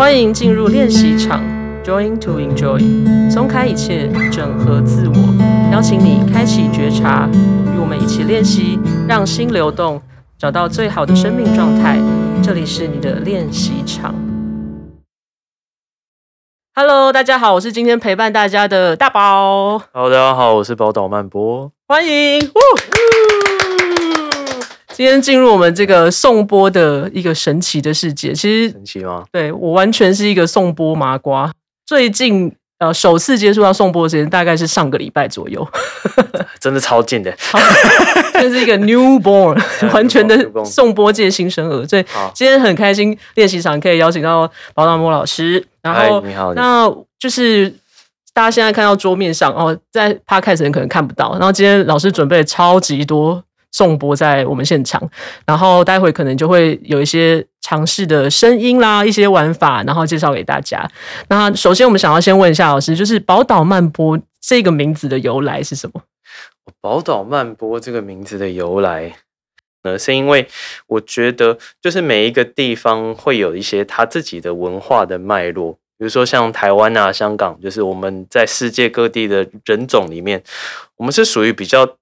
歡迎進入練習場，Join to Enjoy，鬆開一切，整合自我，邀請你開啟覺察。與我們一起練習，讓心流動，找到最好的生命狀態。這裡是你的練習場。Hello，大家好，我是今天陪伴大家的大寶。Hello，大家好，我是寶島漫缽。歡迎。呼今天進入我們這個頌缽的一個神奇的世界，其實神奇嗎？對我完全是一個頌缽麻瓜。最近呃，首次接觸到頌缽的時間大概是上個禮拜左右， 真的超近的，好，這 是一個 newborn，、oh, 完全的頌缽界新生兒。所以今天很開心，練習場可以邀請到包大摩老師。然後，Hi, 你好，那就是大家現在看到桌面上哦，在趴開，開始人可能看不到。然後今天老師準備了超級多。頌缽在我們現場，然後待會可能就會有一些嘗試的聲音啦，一些玩法，然後介紹給大家。那首先，我們想要先問一下老師，就是寶島漫缽這個名字的由來是什麼？寶島漫缽這個名字的由來呃，是因為我覺得，就是每一個地方會有一些他自己的文化的脈絡，比如說像台灣啊、香港，就是我們在世界各地的人種裡面，我們是屬於比較。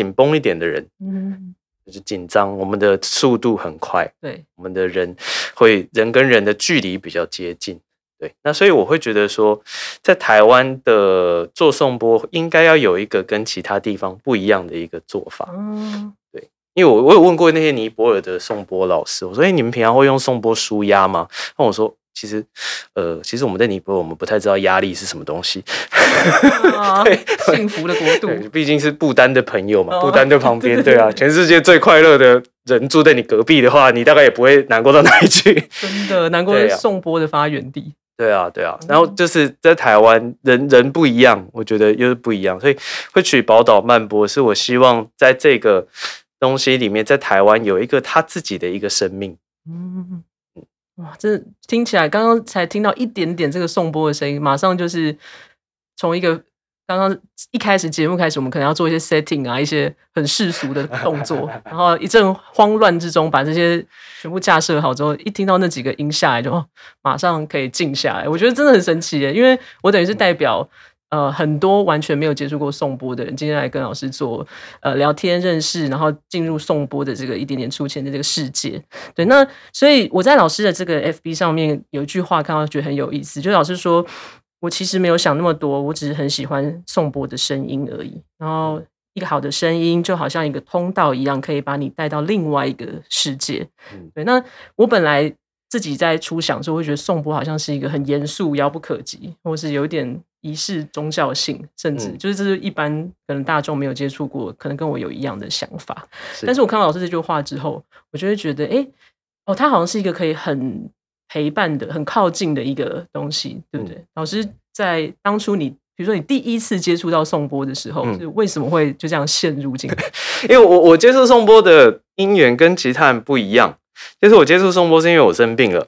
緊繃一點的人，嗯，就是緊張。我們的速度很快，對，我們的人會人跟人的距離比較接近，對。那所以我會覺得說，在台灣的做頌缽應該要有一個跟其他地方不一樣的一個做法，嗯，對。因為我我有問過那些尼泊爾的頌缽老師，我說誒、欸、你們平常會用頌缽舒壓嗎？那我說。其實，呃，其實我們在尼泊爾我們不太知道壓力是什麼東西，啊 幸福的國度，畢竟是不丹的朋友嘛，啊、不丹的旁邊，對啊，全世界最快樂的人住在你隔壁的話，你大概也不會難過到哪裡去。真的，難過是送的啊！頌缽的發源地，對啊，對啊。然後就是在台灣，人人不一樣，我覺得又是不一樣，所以會取寶島漫缽，是我希望在這個東西裡面，在台灣有一個他自己的一個生命。嗯。哇，真的聽起來，剛剛才聽到一點點這個頌缽的聲音，馬上就是從一個剛剛一開始節目開始，我們可能要做一些 setting 啊，一些很世俗的動作，然後一陣慌亂之中把這些全部架設好之後，一聽到那幾個音下來就，就馬上可以靜下來。我覺得真的很神奇耶，因為我等於是代表。呃，很多完全沒有接觸過頌缽的人，今天來跟老師做呃聊天認識，然後進入頌缽的這個一點點出現的這個世界。對，那所以我在老師的這個 FB 上面有一句話，看到覺得很有意思，就老師說，我其實沒有想那麼多，我只是很喜歡頌缽的聲音而已。然後一個好的聲音就好像一個通道一樣，可以把你帶到另外一個世界。對，那我本來。自己在初想的時候會覺得頌缽好像是一個很嚴肅、遙不可及，或是有點儀式宗教性，甚至就是這是一般可能大眾沒有接觸過，可能跟我有一樣的想法。但是我看到老師這句話之後，我就會覺得，哎、欸，哦，他好像是一個可以很陪伴的、很靠近的一個東西，對不對？嗯、老師在當初你，比如說你第一次接觸到頌缽的時候，就、嗯、為什麼會就這樣陷入進來？ 因為我我接觸頌缽的因緣跟其他人不一樣。就是我接觸頌缽是因為我生病了，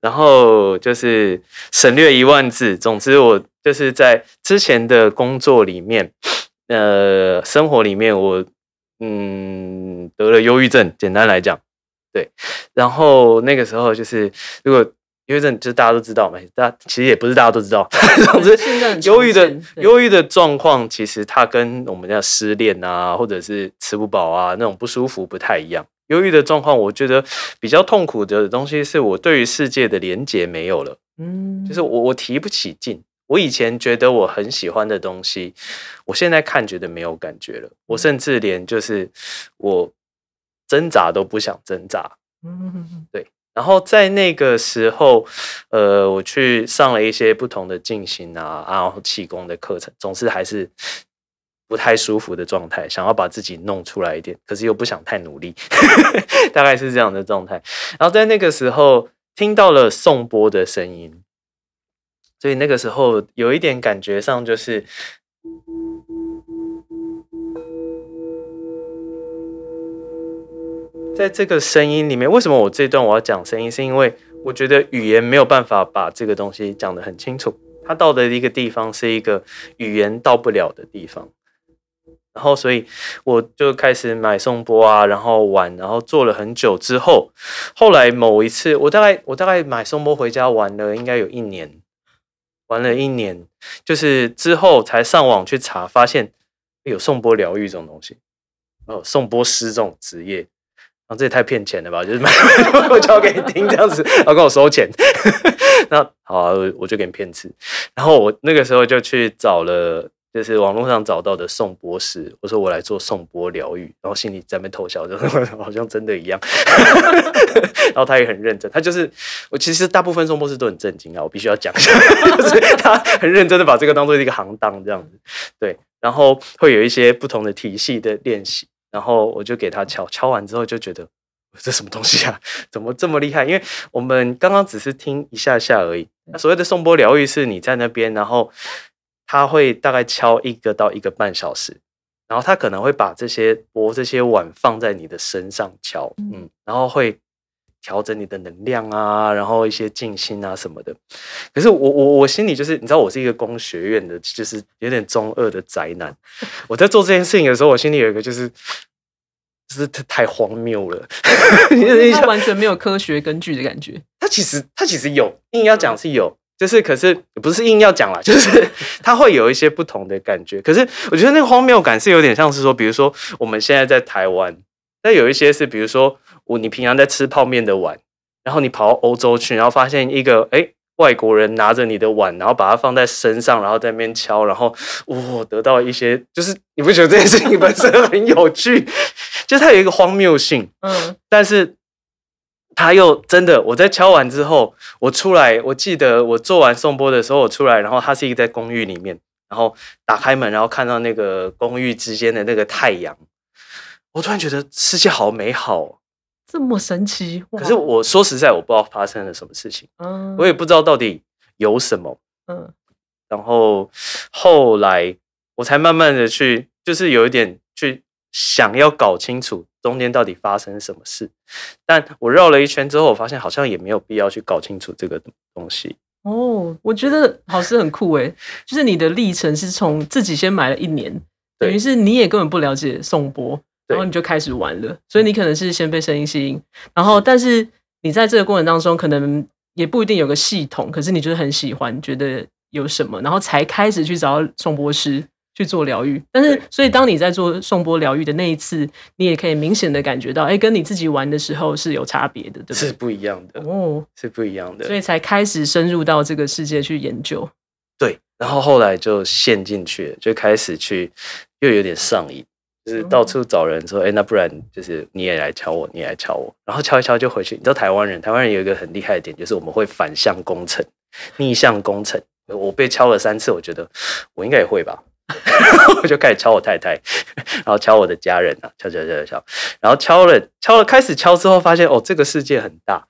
然後就是省略一萬字，總之我就是在之前的工作裡面，呃，生活裡面我嗯得了憂鬱症，簡單來講，對，然後那個時候就是，如果憂鬱症就大家都知道嘛，大其實也不是大家都知道，總之憂鬱的憂鬱的狀況其實它跟我們這樣失戀啊，或者是吃不飽啊那種不舒服不太一樣。憂鬱的狀況，我覺得比較痛苦的東西是我對於世界的連接沒有了，嗯，就是我我提不起勁，我以前覺得我很喜歡的東西，我現在看覺得沒有感覺了，我甚至連就是我掙扎都不想掙扎，嗯嗯嗯，對，然後在那個時候，呃，我去上了一些不同的靜心啊，啊，然後氣功的課程，總是還是。不太舒服的狀態，想要把自己弄出來一點，可是又不想太努力， 大概是這樣的狀態。然後在那個時候聽到了頌缽的聲音，所以那個時候有一點感覺上就是，在這個聲音裡面，為什麼我這段我要講聲音？是因為我覺得語言沒有辦法把這個東西講得很清楚。他到的一個地方是一個語言到不了的地方。然後，所以我就開始買頌缽啊，然後玩，然後做了很久之後，後來某一次，我大概我大概買頌缽回家玩了，應該有一年，玩了一年，就是之後才上網去查，發現有頌缽療癒這種東西，哦，頌缽師這種職業，啊，這也太騙錢了吧！就是買 我教給你聽這樣子，然後跟我收錢， 那好、啊我，我就給你騙吃。然後我那個時候就去找了。就是網絡上找到的頌缽師，我說我來做頌缽療癒，然後心裡在那邊偷笑，就好像真的一樣。 然後他也很認真，他就是我其實大部分頌缽師都很震驚啊，我必須要講一下， 就是他很認真的把這個當作一個行當這樣子。對，然後會有一些不同的體系的練習，然後我就給他敲，敲完之後就覺得，這什麼東西啊？怎麼這麼厲害？因為我們剛剛只是聽一下下而已。那所謂的頌缽療癒，是你在那邊，然後。他會大概敲一個到一個半小時，然後他可能會把這些缽、這些碗放在你的身上敲，嗯，然後會調整你的能量啊，然後一些靜心啊什麼的。可是我我我心裡就是，你知道，我是一個工學院的，就是有點中二的宅男。 我在做這件事情的時候，我心裡有一個就是，就是太，太荒謬了， 完全沒有科學根據的感覺。他其實他其實有硬要講是有。就是，可是不是硬要講啦，就是它會有一些不同的感覺。可是我覺得那個荒謬感是有點像是說，比如說我們現在在台灣，但有一些是，比如說我你平常在吃泡麵的碗，然後你跑到歐洲去，然後發現一個哎、欸、外國人拿着你的碗，然後把它放在身上，然後在那邊敲，然後哇，得到一些，就是你不覺得這件事情本身很有趣？就是它有一個荒謬性，嗯，但是。他又真的，我在敲完之後，我出來，我記得我做完頌缽的時候，我出來，然後他是一個在公寓裡面，然後打開門，然後看到那個公寓之間的那個太陽，我突然覺得世界好美好，這麼神奇。可是我說實在，我不知道發生了什麼事情，我也不知道到底有什麼。嗯，然後後來我才慢慢的去，就是有一點去想要搞清楚。中間到底發生什麼事？但我繞了一圈之後，我發現好像也沒有必要去搞清楚這個東西哦。我覺得好像很酷誒、欸， 就是你的歷程是從自己先買了一年，對，等於是你也根本不了解頌缽，然後你就開始玩了。所以你可能是先被聲音吸引，然後但是你在這個過程當中，可能也不一定有個系統，可是你就是很喜歡，覺得有什麼，然後才開始去找頌缽師。去做療癒，但是所以當你在做頌缽療癒的那一次，你也可以明顯的感覺到，哎、欸，跟你自己玩的時候是有差別的，對不對？是不一樣的哦，是不一樣的，所以才開始深入到這個世界去研究。對，然後後來就陷進去了，就開始去又有點上癮，就是到處找人說，哎、欸，那不然就是你也來敲我，你也來敲我，然後敲一敲就回去。你知道台灣人，台灣人有一個很厲害的點，就是我們會反向工程、逆向工程。我被敲了三次，我覺得我應該也會吧。我 就開始敲我太太，然後敲我的家人、啊、敲敲敲敲，敲，然後敲了敲了，開始敲之後發現哦、喔，這個世界很大。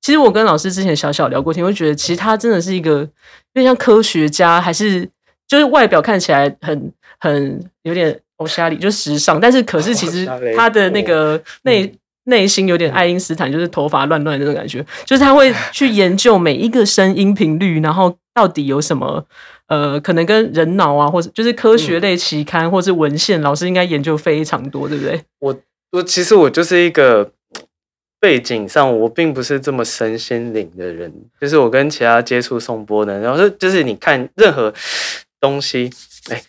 其實我跟老師之前小小聊過天，我覺得其實他真的是一個，有點像科學家，還是就是外表看起來很很有點歐沙里，就時尚，但是可是其實他的那個內內心有點愛因斯坦，就是頭髮亂亂那種感覺，就是他會去研究每一個聲音頻率，然後到底有什麼。呃，可能跟人腦啊，或者就是科學類期刊，或者是文獻，嗯，老師應該研究非常多，對不對？我我其實我就是一個背景上，我並不是這麼身心靈的人，就是我跟其他接觸頌缽的人，然後是就是你看任何東西，哎，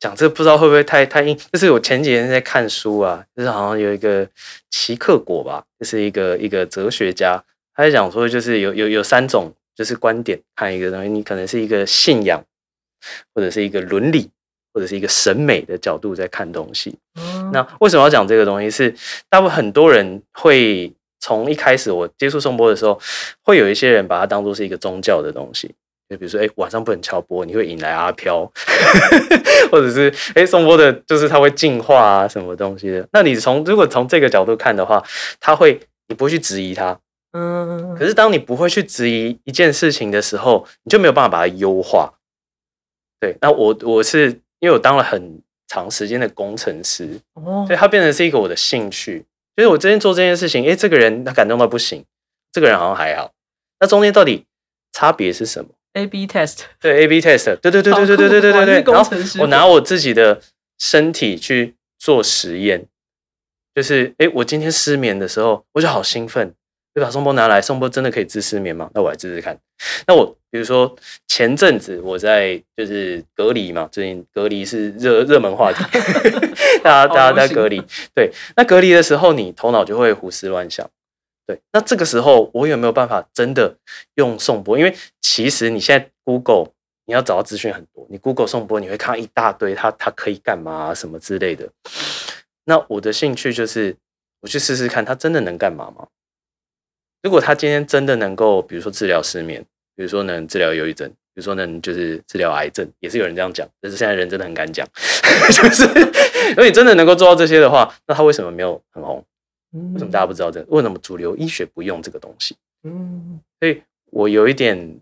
講這個不知道會不會太太硬？就是我前幾天在看書啊，就是好像有一個齊克果吧，就是一個一個哲學家，他在講說，就是有有有三種就是觀點看一個東西，你可能是一個信仰。或者是一個倫理，或者是一個審美的角度在看東西。嗯、那為什麼要講這個東西？是大部分很多人會從一開始我接觸頌缽的時候，會有一些人把它當作是一個宗教的東西。就比如說，哎、欸，晚上不能敲缽，你會引來阿飄， 或者是哎，頌、欸、缽的就是它會淨化啊，什麼東西的。那你從如果從這個角度看的話，他會你不會去質疑它，嗯。可是當你不會去質疑一件事情的時候，你就沒有辦法把它優化。對，那我我是因為我當了很長時間的工程師，oh. 所以他變成是一個我的興趣。就是我之前做這件事情，哎，這個人他感動到不行，這個人好像還好，那中間到底差別是什麼？A B test，對 A B test，對對對對對對對對對工程師，然後我拿我自己的身體去做實驗，就是哎，我今天失眠的時候，我就好興奮。就把頌缽拿來，頌缽真的可以治失眠嗎？那我來試試看。那我比如說前陣子我在就是隔離嘛，最近隔離是熱熱門話題， 大家大家在隔離。對，那隔離的時候，你頭腦就會胡思亂想。對，那這個時候我有沒有辦法真的用頌缽？因為其實你現在 Google 你要找到資訊很多，你 Google 頌缽你會看一大堆它，它它可以幹嘛、啊、什麼之類的。那我的興趣就是我去試試看，它真的能幹嘛嗎？如果他今天真的能夠，比如說治療失眠，比如說能治療憂鬱症，比如說能就是治療癌症，也是有人這樣講。但是現在人真的很敢講， 就是，如果你真的能夠做到這些的話，那他為什麼沒有很紅？嗯、為什麼大家不知道這個？為什麼主流醫學不用這個東西？嗯，所以我有一點，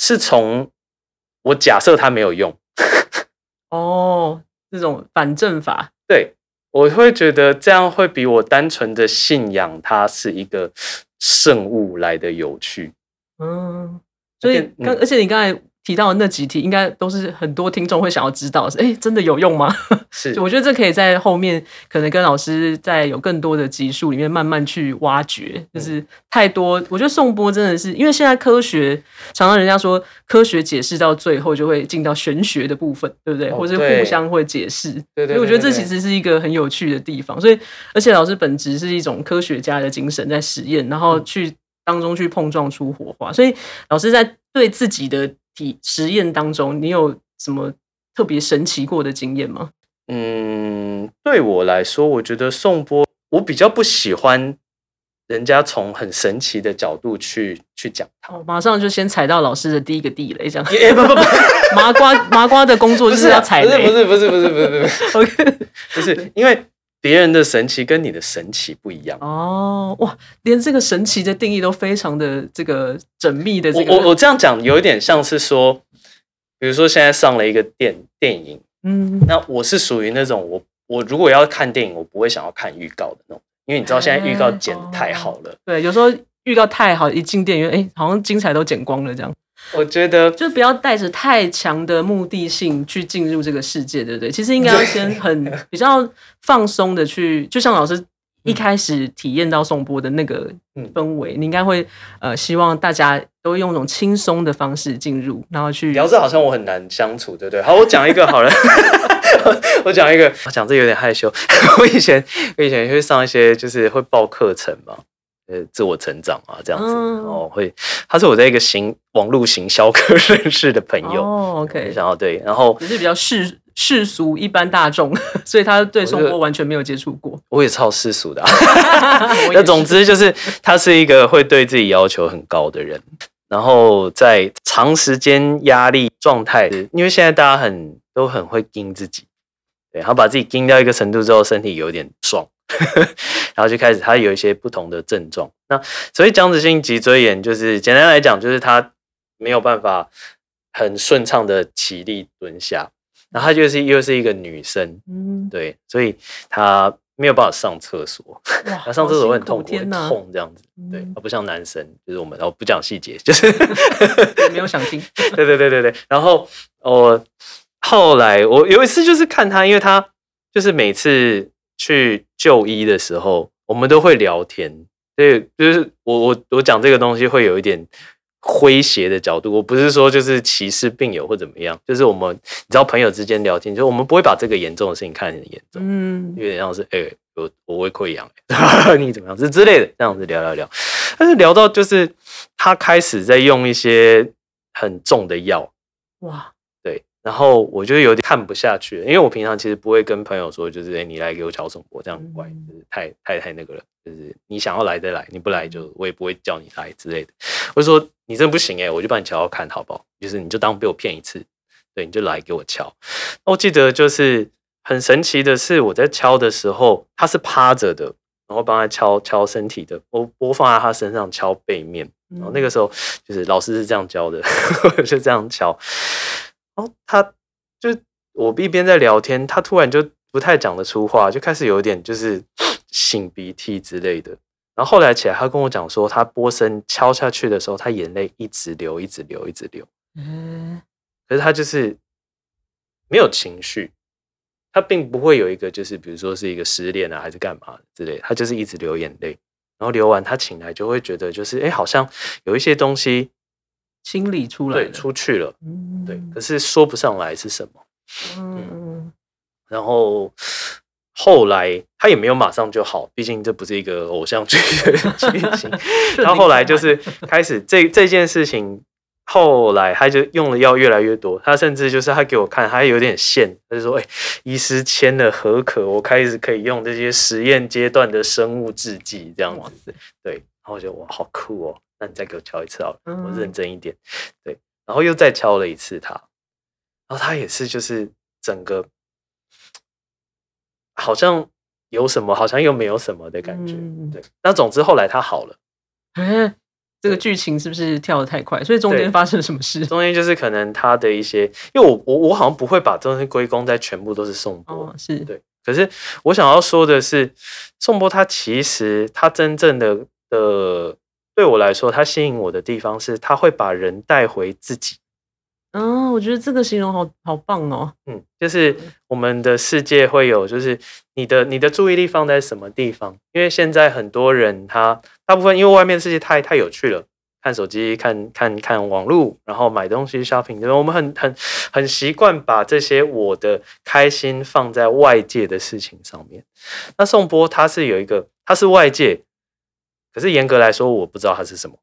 是從我假設他沒有用，哦，這種反證法，對。我會覺得這樣會比我單純的信仰它是一個聖物來的有趣，嗯，所以，嗯、而且你剛才。提到的那幾題，應該都是很多聽眾會想要知道，哎、欸，真的有用嗎？是， 我覺得這可以在後面可能跟老師在有更多的集數裡面慢慢去挖掘。就是太多，嗯、我覺得頌缽真的是因為現在科學常常人家說科學解釋到最後就會進到玄學的部分，對不對？哦、對，或者互相會解釋，對對對對對，所以我覺得這其實是一個很有趣的地方。所以，而且老師本質是一種科學家的精神，在實驗，然後去、嗯、當中去碰撞出火花。所以，老師在對自己的。體實驗當中，你有什麼特別神奇過的經驗嗎？嗯，對我來說，我覺得頌缽，我比較不喜歡人家從很神奇的角度去去講它。我、哦、馬上就先踩到老師的第一個地雷，這樣。不、欸、不不，不不 麻瓜麻瓜的工作就是要踩雷，不是、啊、不是不是不是不是不是、 okay. 不是，不是因為。別人的神奇跟你的神奇不一樣哦，哇，連這個神奇的定義都非常的這個縝密的。我我我這樣講有一點像是說，比如說現在上了一個電電影，嗯，那我是屬於那種我我如果要看電影，我不會想要看預告的那種，因為你知道現在預告剪得太好了，對，有時候預告太好，一進電影院，哎，好像精彩都剪光了這樣。我覺得就不要帶着太強的目的性去進入這個世界，對不對？其實應該要先很比較放鬆的去，就像老師一開始體驗到頌缽的那個氛圍，嗯、你應該會呃，希望大家都用一種輕鬆的方式進入，然後去。聊。這好像我很難相處，對不對？好，我講一個好了， 我講一個，我講這有點害羞。 我以前我以前會上一些，就是會報課程嘛。呃，自我成長啊，這樣子，嗯，然後會，他是我在一個行網絡行銷科認識的朋友哦，OK，哦然後對，然後只是比較世世俗一般大眾，所以他對頌缽完全沒有接觸過。我也超世俗的，啊，那 總之就是他是一個會對自己要求很高的人，然後在長時間壓力狀態，因為現在大家很都很會盯自己，對他把自己盯到一個程度之後，身體有點爽。 然後就開始，她有一些不同的症狀。那所以僵直性脊椎炎就是簡單來講，就是她沒有辦法很順暢的起立、蹲下。然後她就是又是一個女生，嗯、對，所以她沒有辦法上廁所。她、啊、上廁所會很痛，苦，很、啊、痛，這樣子、嗯。對，不像男生，就是我們，然後不講細節，就是 沒有想聽。對對對對對。然後我、呃、後來我有一次就是看她，因為她就是每次。去就醫的時候，我們都會聊天，所以就是我我我講這個東西會有一點詼諧的角度，我不是說就是歧視病友或怎麼樣，就是我們你知道朋友之間聊天，就我們不會把這個嚴重的事情看得很嚴重，嗯，有點像是哎、欸，我我胃潰瘍、欸， 你怎麼樣，這之類的，這樣子聊聊聊，但是聊到就是他開始在用一些很重的藥，哇。然後我就有點看不下去，因為我平常其實不會跟朋友說，就是哎、欸，你來給我敲什麼，我這樣很怪，就是太太太那個了，就是你想要來再來，你不來就我也不會叫你來之類的。我就說你真不行哎、欸，我就幫你敲敲看好不好？就是你就當被我騙一次，對，你就來給我敲。我記得就是很神奇的是，我在敲的時候他是趴着的，然後幫他敲敲身體的，我播放在他身上敲背面。然後那個時候就是老師是這樣教的， 就這樣敲。哦，他就我一邊在聊天，他突然就不太講得出話，就開始有點就是擤鼻涕之類的。然後後來起來，他跟我講說，他缽聲敲下去的時候，他眼淚一直流，一直流，一直流。可是他就是沒有情緒，他並不會有一個就是比如說是一個失戀啊，還是幹嘛之類，他就是一直流眼淚。然後流完，他醒來就會覺得就是哎，好像有一些東西清理出來，對，出去了，嗯、對。可是說不上來是什麼。嗯，嗯，然後後來他也沒有馬上就好，畢竟這不是一個偶像劇的劇情。然 後，後來就是開始這這件事情，後來他就用了藥越來越多，他甚至就是他給我看，他有點限，他就說：“誒、欸，醫師簽了核可，我開始可以用這些實驗階段的生物製劑這樣子。”對，然後我覺得哇，好酷哦、喔。那你再給我敲一次好了，我認真一點。對，然後又再敲了一次他，然後他也是就是整個好像有什麼，好像又沒有什麼的感覺。對，那總之後來他好了。哎、欸，這個劇情是不是跳得太快？所以中間發生了什麼事？中間就是可能他的一些，因為我我我好像不會把東西歸功在全部都是頌缽，哦、是對。可是我想要說的是，頌缽他其實他真正的的。呃對我來說，它吸引我的地方是，它會把人帶回自己。嗯、哦，我覺得這個形容好好棒哦。嗯，就是我們的世界會有，就是你的你的注意力放在什麼地方。因為現在很多人他大部分因為外面的世界太太有趣了，看手機、看看看，看網絡，然後買東西、shopping，我們很很很習慣把這些我的開心放在外界的事情上面。那頌缽他是有一個，他是外界。可是嚴格來說，我不知道它是什麼、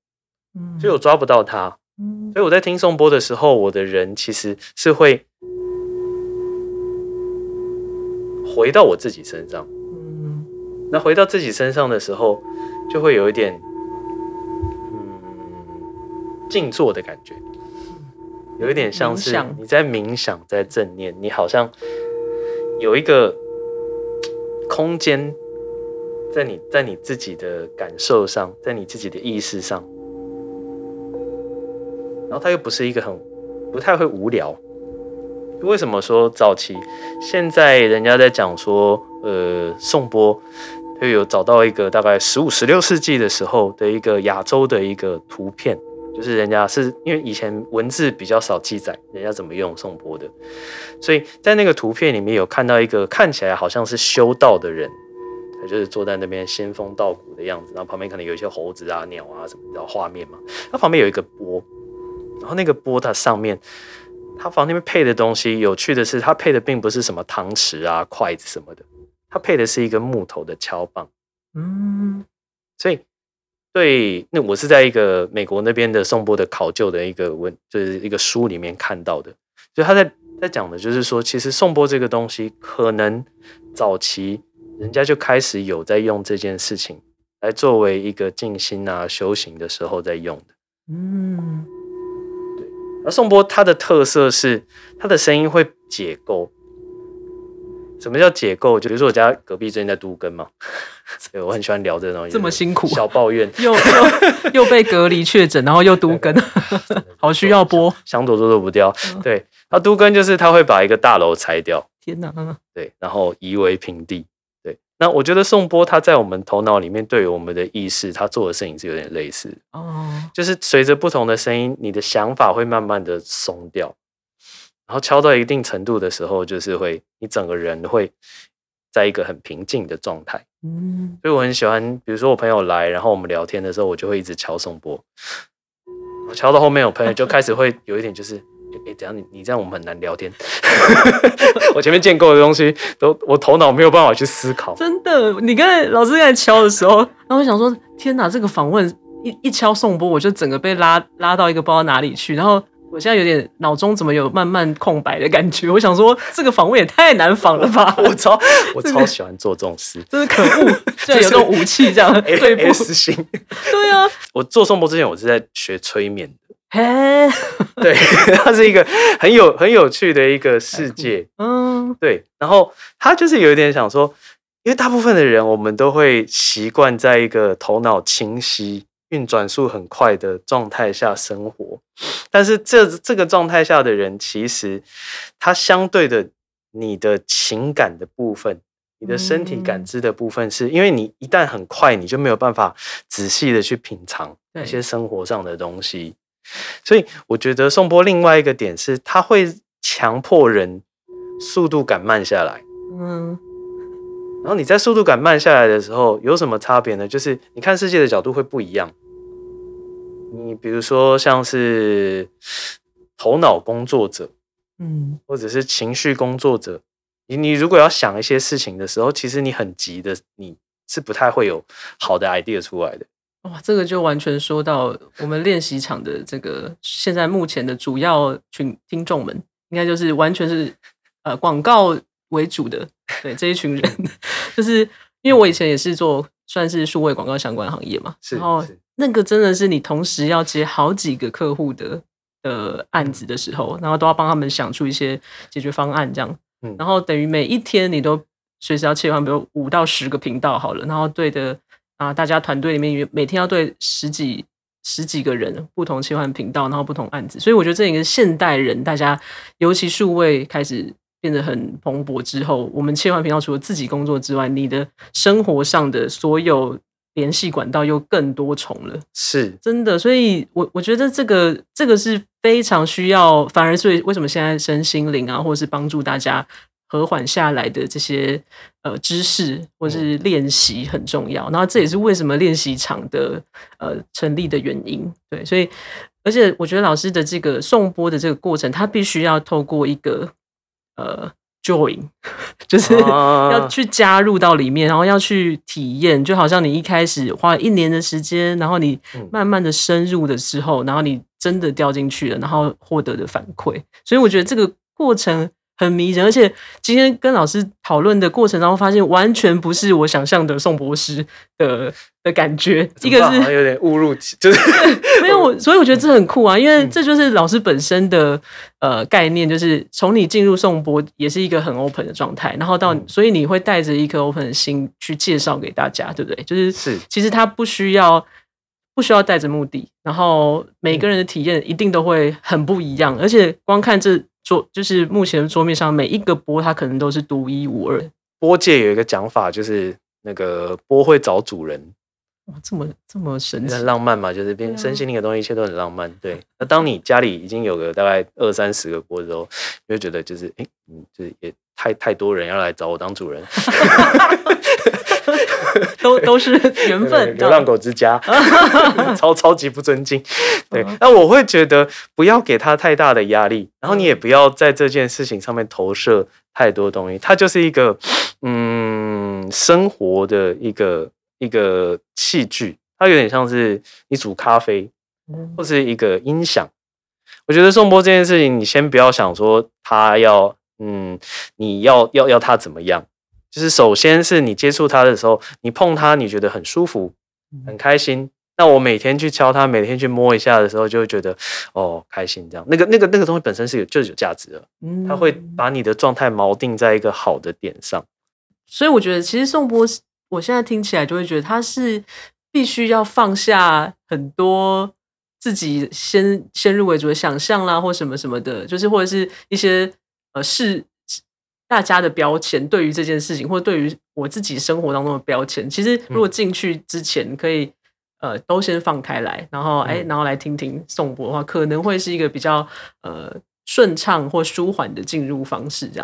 嗯，所以我抓不到它、嗯。所以我在聽頌缽的時候，我的人其實是會回到我自己身上。嗯、那回到自己身上的時候，就會有一點，嗯、靜坐的感覺，有一點像是你在冥想、冥想，在正念，你好像有一個空間在你，在你自己的感受上，在你自己的意識上，然後他又不是一個很不太會無聊。為什麼說早期？現在人家在講說，呃，頌缽，他有找到一個大概十五、十六世紀的時候的一個亞洲的一個圖片，就是人家是因為以前文字比較少記載，人家怎麼用頌缽的，所以在那個圖片裡面有看到一個看起來好像是修道的人，就是坐在那邊仙風道骨的樣子，然後旁邊可能有一些猴子啊、鳥啊什麼的畫面嘛。它旁邊有一個缽，然後那個缽它上面，它房裡面配的東西有趣的是，它配的並不是什麼湯匙啊、筷子什麼的，它配的是一個木頭的敲棒。嗯，所以對，那我是在一個美國那邊的頌缽的考究的一個文，就是一個書裡面看到的，就他在在講的就是說，其實頌缽這個東西可能早期。人家就開始有在用這件事情來作為一個靜心啊，修行的時候在用的。嗯，對。而頌缽他的特色是他的聲音會解構，什麼叫解構？就比如說我家隔壁最近在都更嘛，所以我很喜歡聊這個東西。這麼辛苦，小抱怨又又又被隔離確診，然後又都更 好需要播，想，想躲都躲不掉、啊。對，他都更就是他會把一個大樓拆掉。天哪、啊，對，然後夷為平地。那我覺得頌缽他在我們頭腦裡面對於我們的意識，他做的事情是有點類似哦，oh. 就是隨着不同的聲音，你的想法會慢慢的鬆掉，然後敲到一定程度的時候，就是會你整個人會在一個很平靜的狀態。嗯、mm.，所以我很喜歡，比如說我朋友來，然後我們聊天的時候，我就會一直敲頌缽，我敲到後面我朋友就開始會有一點就是。 哎、欸，只、欸、要你你這樣，我們很難聊天。 我前面見過的東西，都我頭腦沒有辦法去思考。真的，你看老師剛才敲的時候，然後我想說，天哪，這個訪問一一敲頌缽，我就整個被拉拉到一個不知道哪裡去。然後我現在有點腦中怎麼有慢慢空白的感覺。我想說，這個訪問也太難訪了吧！我，我超我超喜歡做這種事， 真的是可惡，居然有這種武器這樣，就是、對不死心。對啊，我做頌缽之前，我是在學催眠。嘿， 對，它是一個很有很有趣的一個世界。嗯，對。然後他就是有一點想說，因為大部分的人，我們都會習慣在一個頭腦清晰、運轉速很快的狀態下生活。但是這這個狀態下的人，其實他相對的，你的情感的部分、你的身體感知的部分是，是、嗯、因為你一旦很快，你就沒有辦法仔細的去品嘗那些生活上的東西。所以我覺得頌缽另外一個點是，他會強迫人速度感慢下來。嗯，然後你在速度感慢下來的時候，有什麼差別呢？就是你看世界的角度會不一樣。你比如說像是頭腦工作者，嗯，或者是情緒工作者，你你如果要想一些事情的時候，其實你很急的，你是不太會有好的 idea 出來的。哇，這個就完全說到我們練習場的這個現在目前的主要群聽眾們，應該就是完全是呃廣告為主的，對這一群人，就是因為我以前也是做算是數位廣告相關行業嘛，然後那個真的是你同時要接好幾個客戶的呃案子的時候，然後都要幫他們想出一些解決方案這樣，然後等於每一天你都隨時要切換，比如五到十個頻道好了，然後對的。啊！大家團隊裡面每天要對十幾十幾個人不同切換頻道，然後不同案子，所以我覺得這一個現代人，大家尤其數位開始變得很蓬勃之後，我們切換頻道除了自己工作之外，你的生活上的所有聯繫管道又更多重了，是真的。所以我，我我覺得這個這個是非常需要，反而是為，為什麼現在身心靈啊，或者是幫助大家。和緩下來的這些呃知識或是練習很重要、嗯，然後這也是為什麼練習場的呃成立的原因。對，所以而且我覺得老師的這個頌缽的這個過程，他必須要透過一個呃 join，、啊、 就是要去加入到裡面，然後要去體驗，就好像你一開始花一年的時間，然後你慢慢的深入的時候，嗯、然後你真的掉進去了，然後獲得的反饋。所以我覺得這個過程。很迷人，而且今天跟老師討論的過程，然後發現完全不是我想象的頌缽師的的感覺。一個是有點誤入歧途，就是 沒有我，所以我覺得這很酷啊，嗯、因為這就是老師本身的呃概念，就是從你進入頌缽，也是一個很 open 的狀態，然後到、嗯、所以你會帶着一顆 open 的心去介紹給大家，對不對？就是是，其實他不需要不需要帶着目的，然後每個人的體驗一定都會很不一樣，而且光看這。桌就是目前桌面上每一個缽，它可能都是獨一無二。缽界有一個講法，就是那個缽會找主人，哇，這麼這麼神奇，真的浪漫嘛，就是變身心靈那個東西，一切都很浪漫對、啊。對，那當你家裡已經有個大概二三十個缽的時候，你會覺得就是哎，欸、就是也太太多人要來找我當主人。 都都是緣分，流 浪狗之家。 超超級不尊敬。對，那、uh -huh. 我會覺得不要給他太大的壓力，然後你也不要在這件事情上面投射太多東西。它就是一個，嗯，生活的一個一個器具，它有點像是你煮咖啡，或是一個音響。我覺得頌缽這件事情，你先不要想說他要，嗯，你要要要他怎麼樣。就是首先是你接觸它的時候，你碰它，你覺得很舒服，很開心。嗯、那我每天去敲它，每天去摸一下的時候，就會覺得哦，開心。這樣，那個那個那個東西本身是有就是有價值的，它、嗯、會把你的狀態錨定在一個好的點上。所以我覺得，其實頌缽，我現在聽起來就會覺得他是必須要放下很多自己先先入為主的想象啦，或什麼什麼的，就是或者是一些呃事，大家的標籤對於這件事情，或者對於我自己生活當中的標籤，其實如果進去之前可以、嗯，呃，都先放開來，然後哎、嗯欸，然後來聽聽頌缽的話，可能會是一個比較呃順暢或舒緩的進入方式。這樣，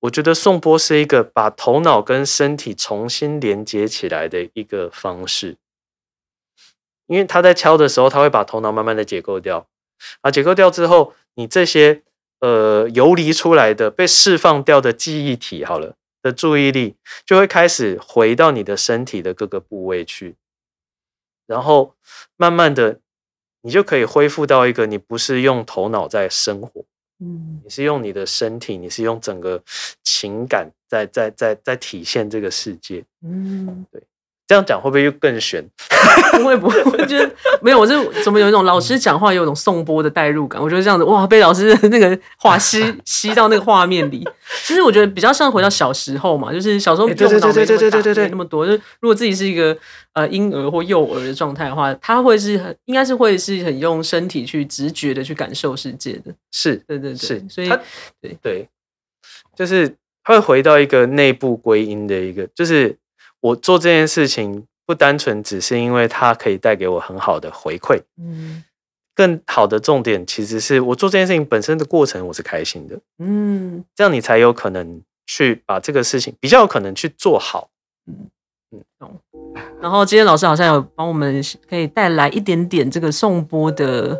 我覺得頌缽是一個把頭腦跟身體重新連接起來的一個方式，因為他在敲的時候，他會把頭腦慢慢的解構掉啊，解構掉之後，你這些。呃，遊離出來的、被釋放掉的記憶體好了，的注意力，就會開始回到你的身體的各個部位去，然後慢慢的，你就可以恢復到一個你不是用頭腦在生活，嗯，你是用你的身體，你是用整個情感在在在在體現這個世界，嗯，對。這樣講會不會又更玄？不會不會，我覺得沒有。我是怎麼有一種老師講話有一種頌缽的代入感？我覺得這樣子哇，被老師的那個話吸吸到那個畫面裡。其、就、實、是、我覺得比較像回到小時候嘛，就是小時候也、欸、用不到這麼大那麼多。就如果自己是一個呃嬰兒或幼兒的狀態的話，他會是很應該是會是很用身體去直覺的去感受世界的。是對對對，是所以對對，就是他會回到一個內部歸因的一個，就是。我做這件事情不單純只是因為它可以帶給我很好的回饋，嗯，更好的重點其實是我做這件事情本身的過程，我是開心的，嗯，這樣你才有可能去把這個事情比較有可能去做好，嗯嗯。然後今天老師好像有幫我們可以帶來一點點這個頌缽的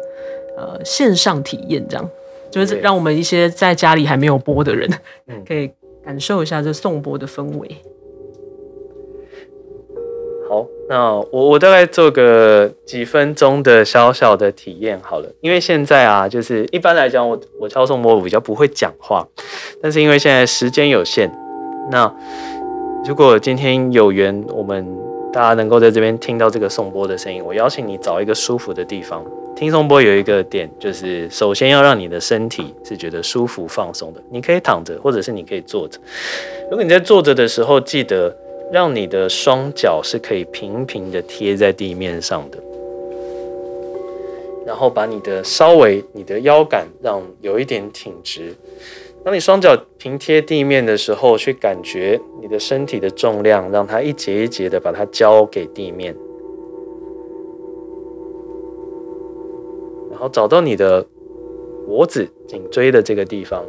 呃線上體驗，這樣就是讓我們一些在家裡還沒有缽的人，可以感受一下這頌缽的氛圍。那我我大概做個幾分鐘的小小的體驗好了，因為現在啊，就是一般來講，我我敲頌缽我比較不會講話，但是因為現在時間有限，那如果今天有緣，我們大家能夠在這邊聽到這個頌缽的聲音，我邀請你找一個舒服的地方聽頌缽。有一個點就是，首先要讓你的身體是覺得舒服放鬆的，你可以躺着，或者是你可以坐着。如果你在坐着的時候，記得。讓你的雙腳是可以平平的貼在地面上的，然後把你的稍微你的腰桿讓有一點挺直。當你雙腳平貼地面的時候，去感覺你的身體的重量，讓它一節一節的把它交給地面，然後找到你的脖子頸椎的這個地方，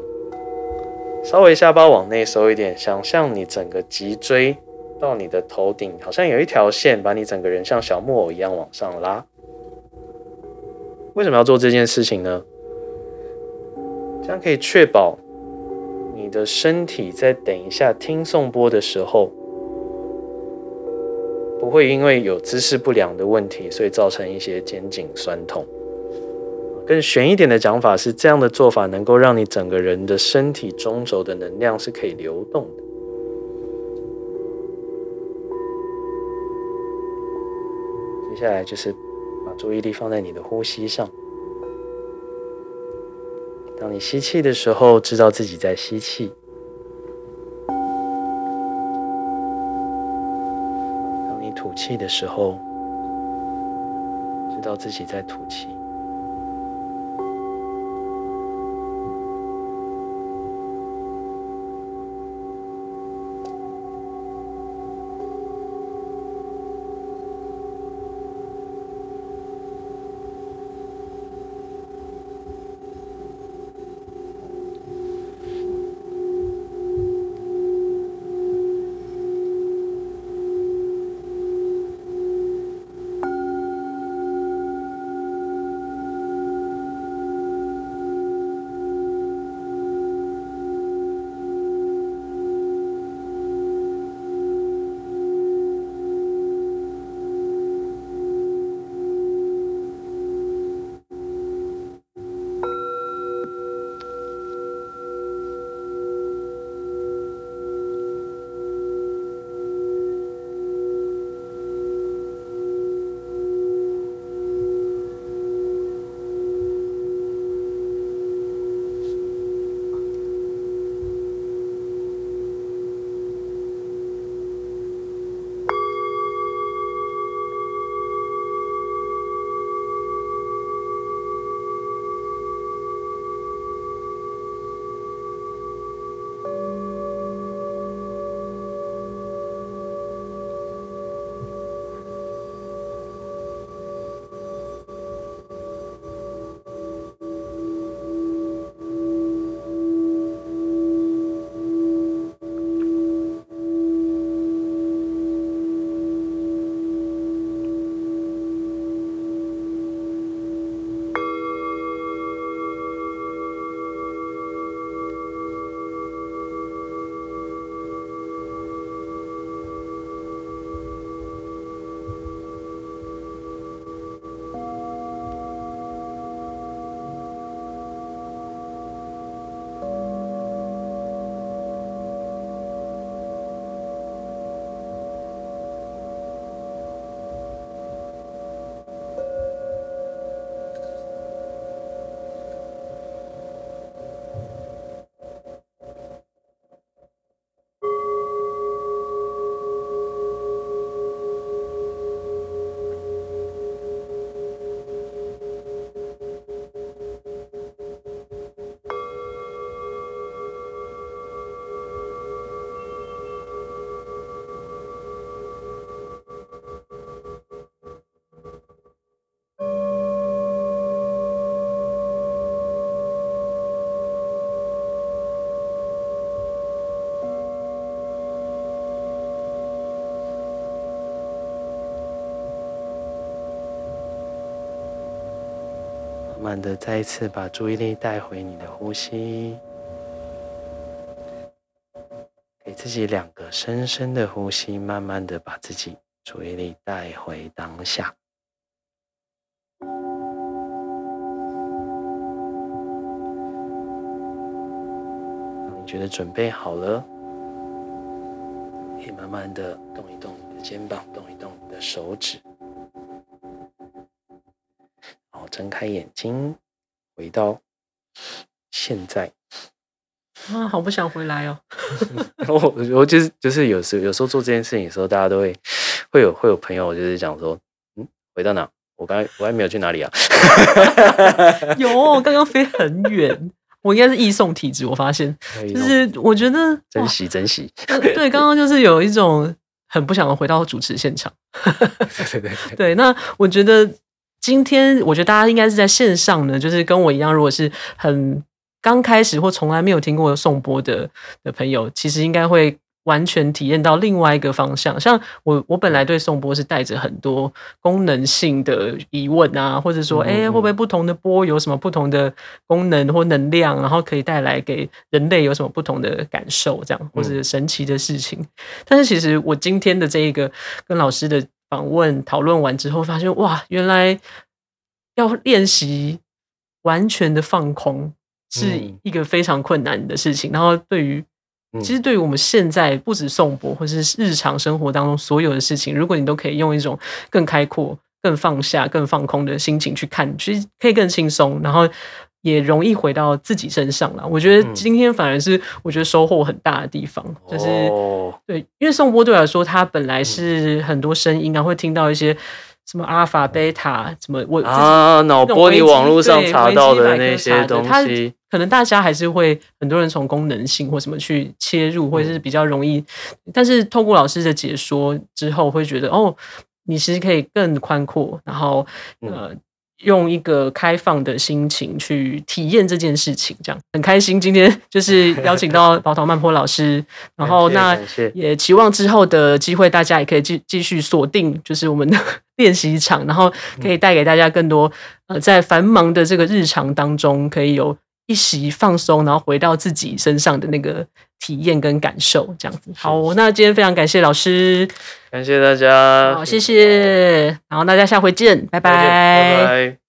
稍微下巴往內收一點，想象你整個脊椎，到你的頭頂，好像有一條線把你整個人像小木偶一樣往上拉。為什麼要做這件事情呢？這樣可以確保你的身體在等一下聽頌缽的時候，不會因為有姿勢不良的問題，所以造成一些肩頸酸痛。更玄一點的講法是，這樣的做法能夠讓你整個人的身體中軸的能量是可以流動的。接下來就是把注意力放在你的呼吸上。當你吸氣的時候，知道自己在吸氣；當你吐氣的時候，知道自己在吐氣。慢慢的再一次把注意力帶回你的呼吸，給自己兩個深深的呼吸，慢慢的把自己注意力帶回當下。當你覺得準備好了，可以慢慢的動一動你的肩膀，動一動你的手指。睜開眼睛，回到現在啊，好不想回來哦。 我我就是就是有時有時候做這件事情的時候，大家都會會有會有朋友就是講說，嗯，回到哪？我剛才，我還沒有去哪裡啊。 有哦，我剛剛飛很遠，我應該是易送體質，我發現就是我覺得 珍惜珍惜。對，剛剛就是有一種很不想回到主持現場。 對對對、對、對，那我覺得。今天我覺得大家應該是在線上呢，就是跟我一樣，如果是很剛開始或從來沒有聽過頌缽的的朋友，其實應該會完全體驗到另外一個方向。像我，我本來對頌缽是帶着很多功能性的疑問啊，或者說，哎、欸，會不會不同的缽有什麼不同的功能或能量，然後可以帶來給人類有什麼不同的感受，這樣或者神奇的事情。但是其實我今天的這一個跟老師的，訪問討論完之後，發現哇，原來要練習完全的放空是一個非常困難的事情。嗯、然後，對於其實對於我們現在，不止頌缽，或是日常生活當中所有的事情，如果你都可以用一種更開闊、更放下、更放空的心情去看，其實可以更輕鬆。然後。也容易回到自己身上了。我覺得今天反而是我覺得收穫很大的地方，就是對，因為頌缽對我來說，他本來是很多聲音，啊，會聽到一些什麼阿爾法、貝塔，什麼我啊，腦波你網絡上查到的那些東西，東西可能大家還是會很多人從功能性或什麼去切入，或者是比較容易。但是透過老師的解說之後，會覺得哦，你其實可以更寬闊。然後呃、嗯。用一個開放的心情去體驗這件事情，這樣很開心。今天就是邀請到寶島漫缽老師，然後那也期望之後的機會，大家也可以繼繼續鎖定，就是我們的練習場，然後可以帶給大家更多。呃，在繁忙的這個日常當中，可以有。一席放鬆，然後回到自己身上的那個體驗跟感受，這樣子，嗯。好，那今天非常感謝老師，感謝大家，好，謝謝，然後大家下回見，拜拜。拜拜拜拜。